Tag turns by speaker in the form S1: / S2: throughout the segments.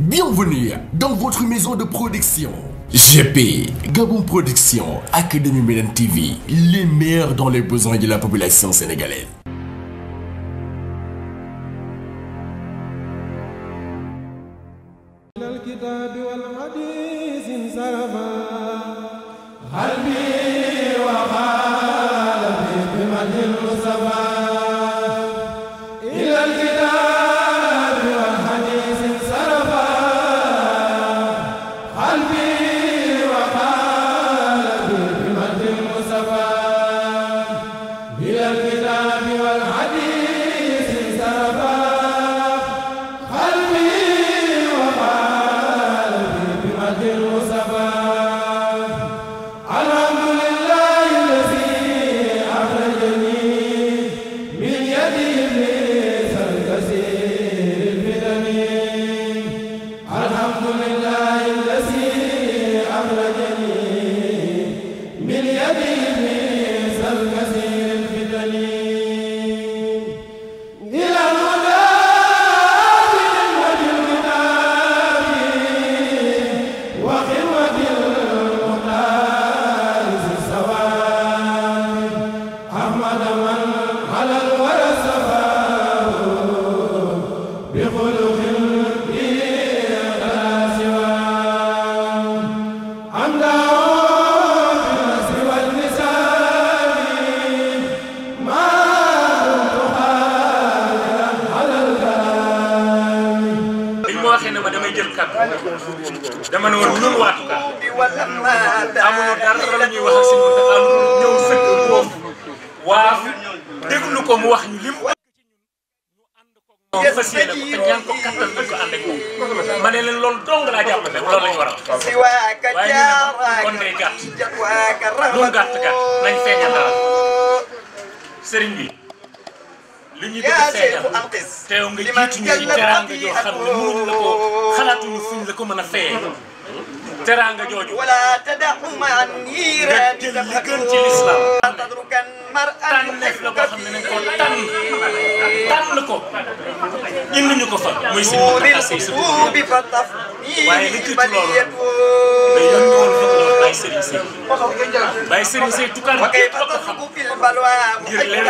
S1: Bienvenue dans votre maison de production. GP, Gabon Production, Académie Médine TV, les meilleurs dans les besoins de la population sénégalaise. ne ma damay jël kàddu dama ne woon waatu kàddu amuñu dara la ñuy wax ak sëñ Mountakha ñëw fekk moom waaw déglu ko mu wax ñu lim. ak fas yéene ko te ñaan ko kattan duñ ko ànd ak ma ne leen loolu dong laa jàpp ne loolu la ñu war a wax waaye ñu ne kon day gàtt lu gàtt nañ feeñal dara sëriñ bi. li ñu def seetal teew nga jiitu ñu ci teraanga joo xam ne mënuñ la ko xalaatuñu fuñ la ko mën a fayee. teraanga jooju. nga jël li gën ci lislaam. tànneef la boo xam ne nañ ko tànn tànn ko indi ñu ko fa muy si mu tax a say sa waaye li jiitu loolu. si bay sëriñ say tukaan képp la ko xam ngir leer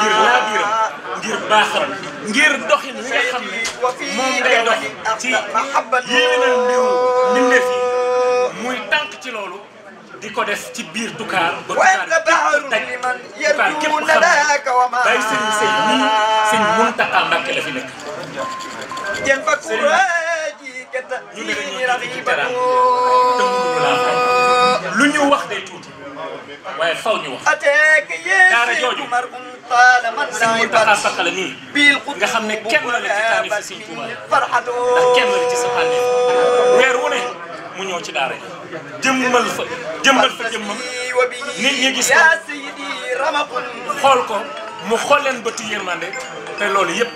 S1: ngir laabiram ngir baaxam ngir doxin wi nga xam ne moom ngay dox ci yéwénal mbiru mbindeef yi muy tànk ci loolu di ko def ci biir Toucar ba Toucar daj Toucar képp xam bay sëriñ say nii sëñ Muntaxa Mbàkke la fi nekk sëriñ ñu ne la ñu ci dara te mënu laa xam lu ñu wax day tuuti waaye faw ñu wax. daara jooju a Muntaxa Sakkale mii nga xam ne kenn la xam taarif si a Tuuba ndax kenn la ci sa xàlle weer wu ne mu ñëw ci daara jëmmal fa jëmmal fa jëmmam nit ñi gis
S2: ko
S1: xool ko mu ba leen bëtu yërmande te loolu yëpp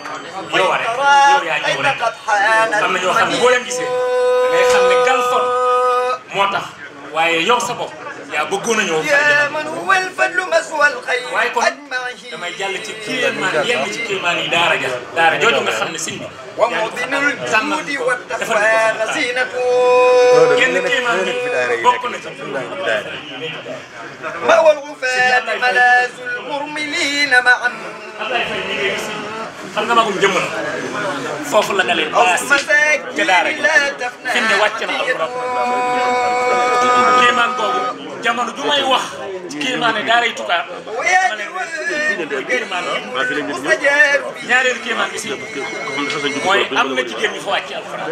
S1: yow a rek yow yaa ñëw rek am na ñoo xam ne boo leen gisee da ngay xam ne gàllankoor moo tax. waaye yow sa bopp yaa bëggoon a ñëw. yaa man wal fadlu maswal xayr. waaye kon damay jàll ci kéemaan yenn ci kéemaan yi daara ja daara jooju nga xam ne sin bi. yaa ngi ko xam ne sànn defal ko
S3: kenn kéemaan bi
S1: bokk na ci. ma wal xufaat malaasul murmiliina ma am. xam nga magum jëmm foofu la nga leen baasi ca daara ji fi mu ne wàcc na alxuraan kéemaan googu jamono ju may wax ci kéemaane daara yi Toucar ma ne kéemaan ñaareelu kéemaan bi si mooy am na jigéen ñu fa wàcc alxuraan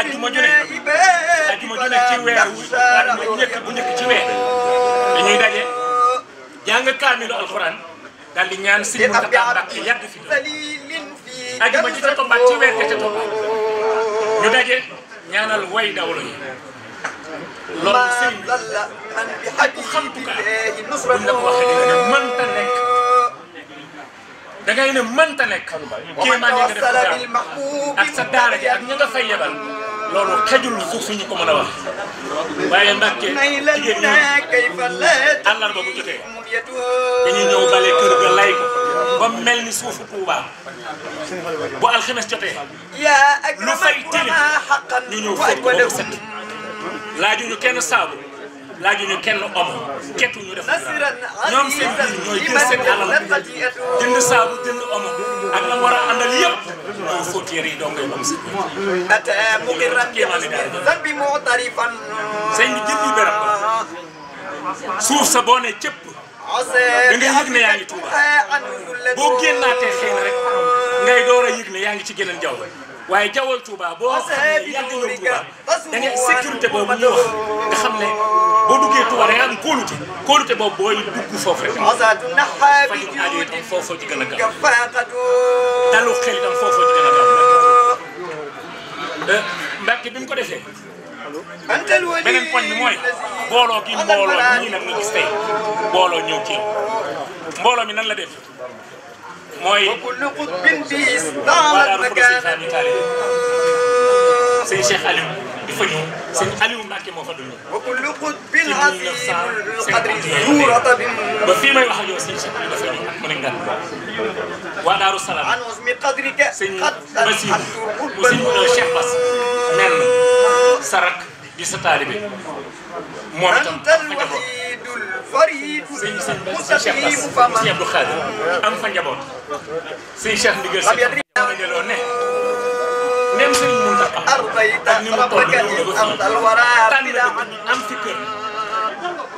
S1: ak ma jone ak ma jone ci weer ak ma njëkk bu njëkk ci dañuy daje jàng kaamilu alxuraan daal di ñaan sëñ Mountakha Mbacké yàgg fi doon ajuma ji ca tombaat ci weer ca tombaat ñu daje ñaanal way dawlo yi loolu sëñ bi ku xam Toucar buñ la ko waxee da nga ne mënta nekk da ne mënta nekk kéemaan yi nga def ak sa daara ji ak ña nga fay yebal loolu xejul suuf suñu ko mën a wax waaye Mbàkke jigéen ñi àllarba bu jotee dañuy ñëw bale kër ga lay ko ba mel ni suufu Tuuba bu alxames jotee lu fay tilim ñu ñëw fóot ko ba mu set laajuñu kenn saabu laajuñu kenn om kettuñu def ah, ñoom seen biir ñooy jël seen alal jënd saabu jënd om ak la war a àndal yëpp ñoo fóotiyeer yi dong ngay om si bi moo tarifan sëñ bi jëndi berab ba suuf sa boo ne cëpp ah, da ngay yëg ne yaa ngi Tuuba boo génnaatee xëy rek ngay door a yëg ne yaa ngi ci geneen jaww waaye jawwal Tuuba boo ah, xam ne yàgg ñëw Tuuba da ngay sécurité boobu ñu wax nga xam ne surtout wane am kóolute kóolute boobu booy dugg foofu rek. asatu naxaa bi juudi fajum aajo itam foofoo ci gën a gaaw. dalu xel itam foofoo ci gën a gaaw. Eh, Mbàkke bi mu ko defee. beneen poñ bi mooy mbooloo gi mbooloo ñii nag nga gis tey mbooloo ñëw ci mbooloo mi nan la def mooy. waaw daal foofu si xaar sëñ Cheikh Aliou di fa ñëw sëñ Aliou Mbacke moo fa dund. ba fii may wax ak yow sëñ Cheikh Aliou dafa ñëw ak mën a ngal. waa Daaru Salaam sëñ Basiir mu sëñ Cheikh Bass nen sa rak di sa taalibe moom itam ak sëñ sëñ sëñ Cheikh Bass mu sëñ Abdou Khadir am fa njaboot sëñ Cheikh ndigal sëñ ne nem sëñ أرضيت ربك أرض الورى بدعا أمسك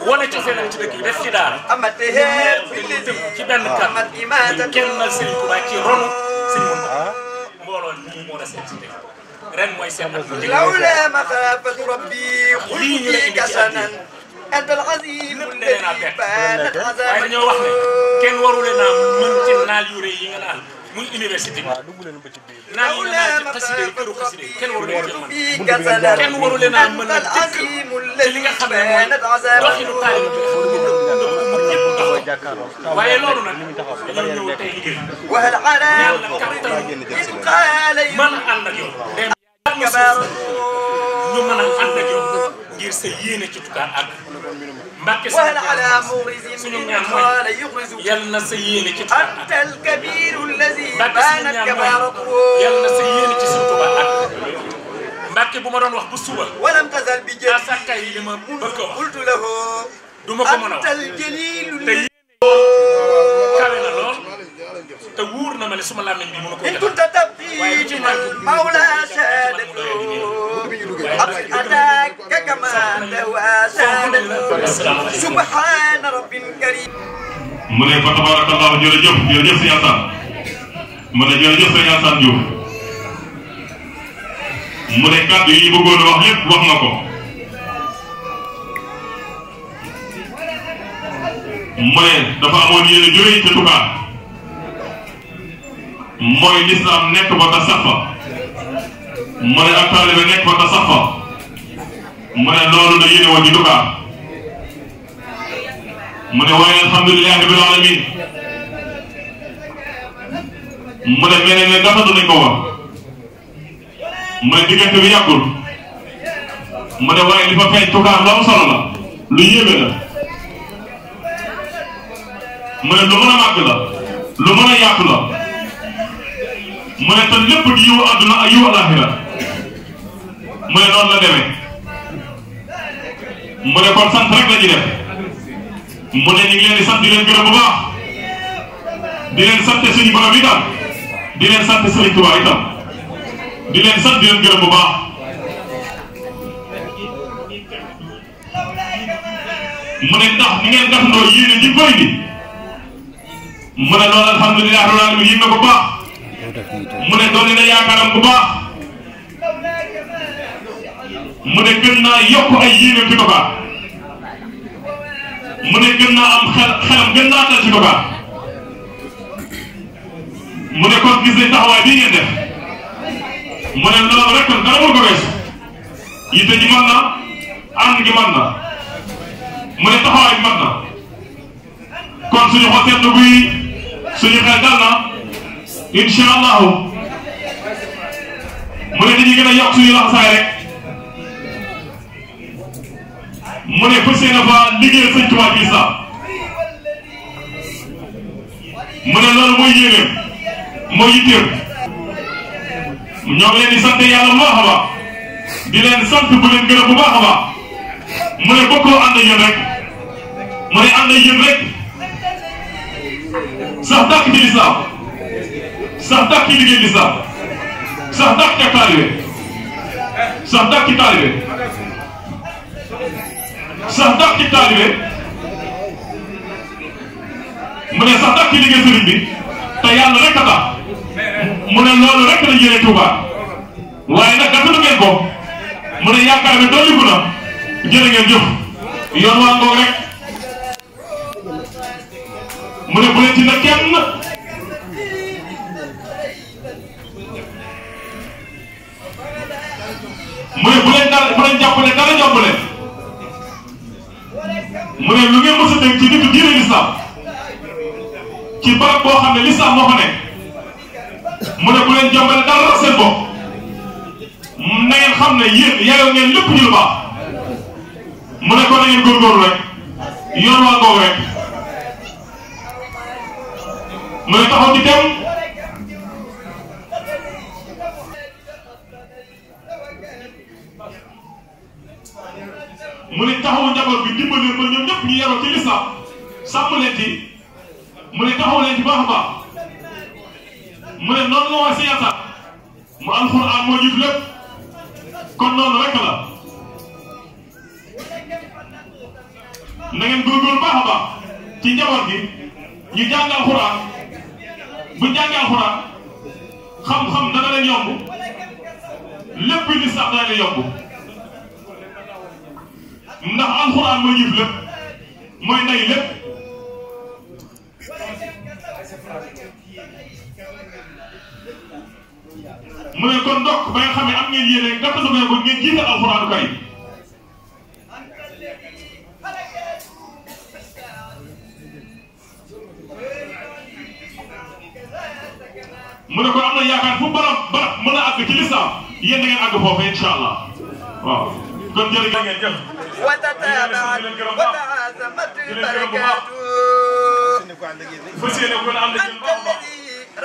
S1: wone cofeelam ci dëkk yi def ci daara. amate hee bindee ci benn kàddu ñu génnal Serigne Touba ci ronu Serigne Mountakha mbooloo nii moo desee ci dëkk ren mooy seen at bi. lawla maxaafatu rabbi lii ñu nekk kasanan antal azim waaye dañoo wax ne kenn waru leen a mën ci naal yu rëy yi nga naan. muy université bi. waaw dugg leen ba ci biir. naan ñu naan ci xaside yi këru xaside yi kenn waru leen a mën a kenn waru leen a mën a dëkk ci li nga xam ne mooy doxinu taalibe bi nga xam ne waaye loolu nag dañoo ñëw tey liggéey. ñaan la kattan mën ànd ak yow. dem ñu mën a ànd ak yow ngir sa yéene ci tukaar ak. Mbàkke suñu ñaan mooy yal na sa yéene ci tukaar ak. Mbacke suñu ñaan mooy yàlla na sa yéene ci suñu Tuubaa ak Mbacke bu ma doon wax bu suba. walam tasal bi jëli asaka yi li ma bëgg a wax du ma ko mën a wax te yéen kawe na lool te wóor na ma ne suma làmmiñ bi mënu ko jëlaat waaye li ci màgg
S2: mu ne fa tabaarakallahu jërëjëf jërëjëf si mu ne jërëjëf sëñ Assane Diouf mu ne kàddu yi ñu bëggoon a wax lépp wax nga ko mu ne dafa amoon yéen a jógee ca Touba mooy lislaam nekk ba ta sax fa mu ne ak taalibe nekk ba ta sax fa mu ne loolu la yéene woon ci Touba mu ne alamin mu ne ñeneen ne dafa danañ ko wax mu ne diggante bi yàggul mu ne waaye li fa feeñ tukaar la mu ne lu mën a màgg la lu mën a yaatu la mu ne te lépp di yiwu àdduna ak yiwu alaaxira mu ne noonu la demee mu ne kon def mu ne ñu ngi leen di sant di di leen sant suñu borom yi daal. di leen sant Serigne Touba itam di leen sant di leen gërëm bu baax mu ne ndax ni ngeen def ndoo yéene ji koy bi mu ne loolu alhamdulilah rabbil alamin yéen na bu baax mu ne doole na yaakaaram bu baax mu ne gën naa yokk ay yéene ci ko baax mu ne gën naa am xel xelam gën naa dal ci ko baax mu ne kon taxawaa nañ taxawaay bii ngeen def mu ne ko weesu yitte ji mën na ànd gi mën na mu ne taxawaay bi mën na kon suñu xol na incha allahu mu ne dañuy gën a yokk suñu laxasaay rek
S3: mu ne fas yéene fa liggéeyal sëñ Tuubaa
S2: mu ne moo yitteem ñoo ngi leen di sant a baax di leen sant bu leen gërëm bu baax a baax mu ne bokkoo ànd yéen rek mu ne ànd yéen rek sax dàkk ci lislaam sax dàkk ci liggéey lislaam sax dàkk ca taalibe sax dàkk ci taalibe sax dàkk ci taalibe mu ne sax dàkk ci liggéey sëriñ bi te yàlla rek a tax mu ne loolu rek la jëlee Touba waaye nag gàttal ngeen ko mu ne yaakaar bi dolliku na jërë ngeen yoon waa ngoog rek mu ne bu leen ci ne bu leen dara bu leen jàpp ne dara jàpp ne mu ne lu ngeen mës a ci nitu diine lislaam ci barab boo xam ne lislaam moo mu ne bu leen jombal dara seen bopp na ngeen xam ne yéen yeyoo ngeen lépp ñu lu baax mu ne ko na ngeen góorgóorlu rek yoon waa ngoogu rek mu ne taxaw di dem mu ne taxawu njaboot bi dimbali ba ñoom ñëpp ñu yaroo ci lislaam sàmm leen ci mu ne taxaw leen ci baax a baax mu ne noonu moo siyaasa mu alxuraan moo jiitu lépp kon noonu rek la na ngeen góorgóorlu baax a ci njaboot gi ñu jàng alxuraan bu jàngee alxuraan xam-xam dana yomb lépp li sax yomb ndax alxuraan moo jiitu lépp mooy ndey lépp. mu ne kon ndokk ba nga xam ne am ngeen yéene nga ko soxla ba ngeen jiite alxuraanu kay mu ne ko am na yaakaar fu barab barab mën a àgg ci lislaam yéen da ngeen àgg foofu incha allah waaw kon jërëjëf ngeen jëf. di leen gërëm bu
S1: baax.
S2: fas yéene ko ànd ak yéen bu baax mu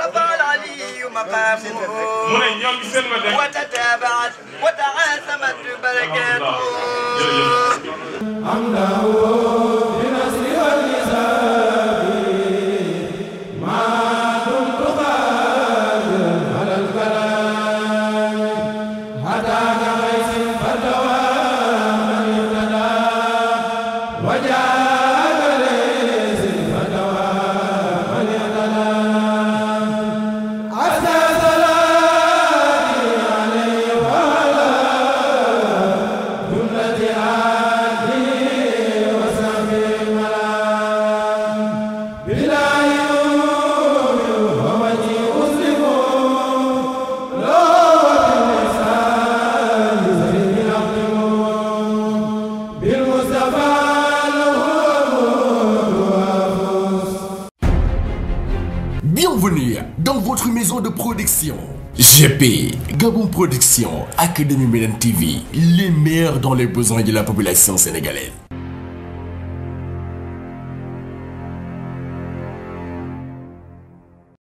S2: ne ñoom ci seen wàll. jërëjëf.
S3: waja
S1: Production GP Gabon Production ak Darou Minane TV les meilleurs dans les besoins de la population sénégalaise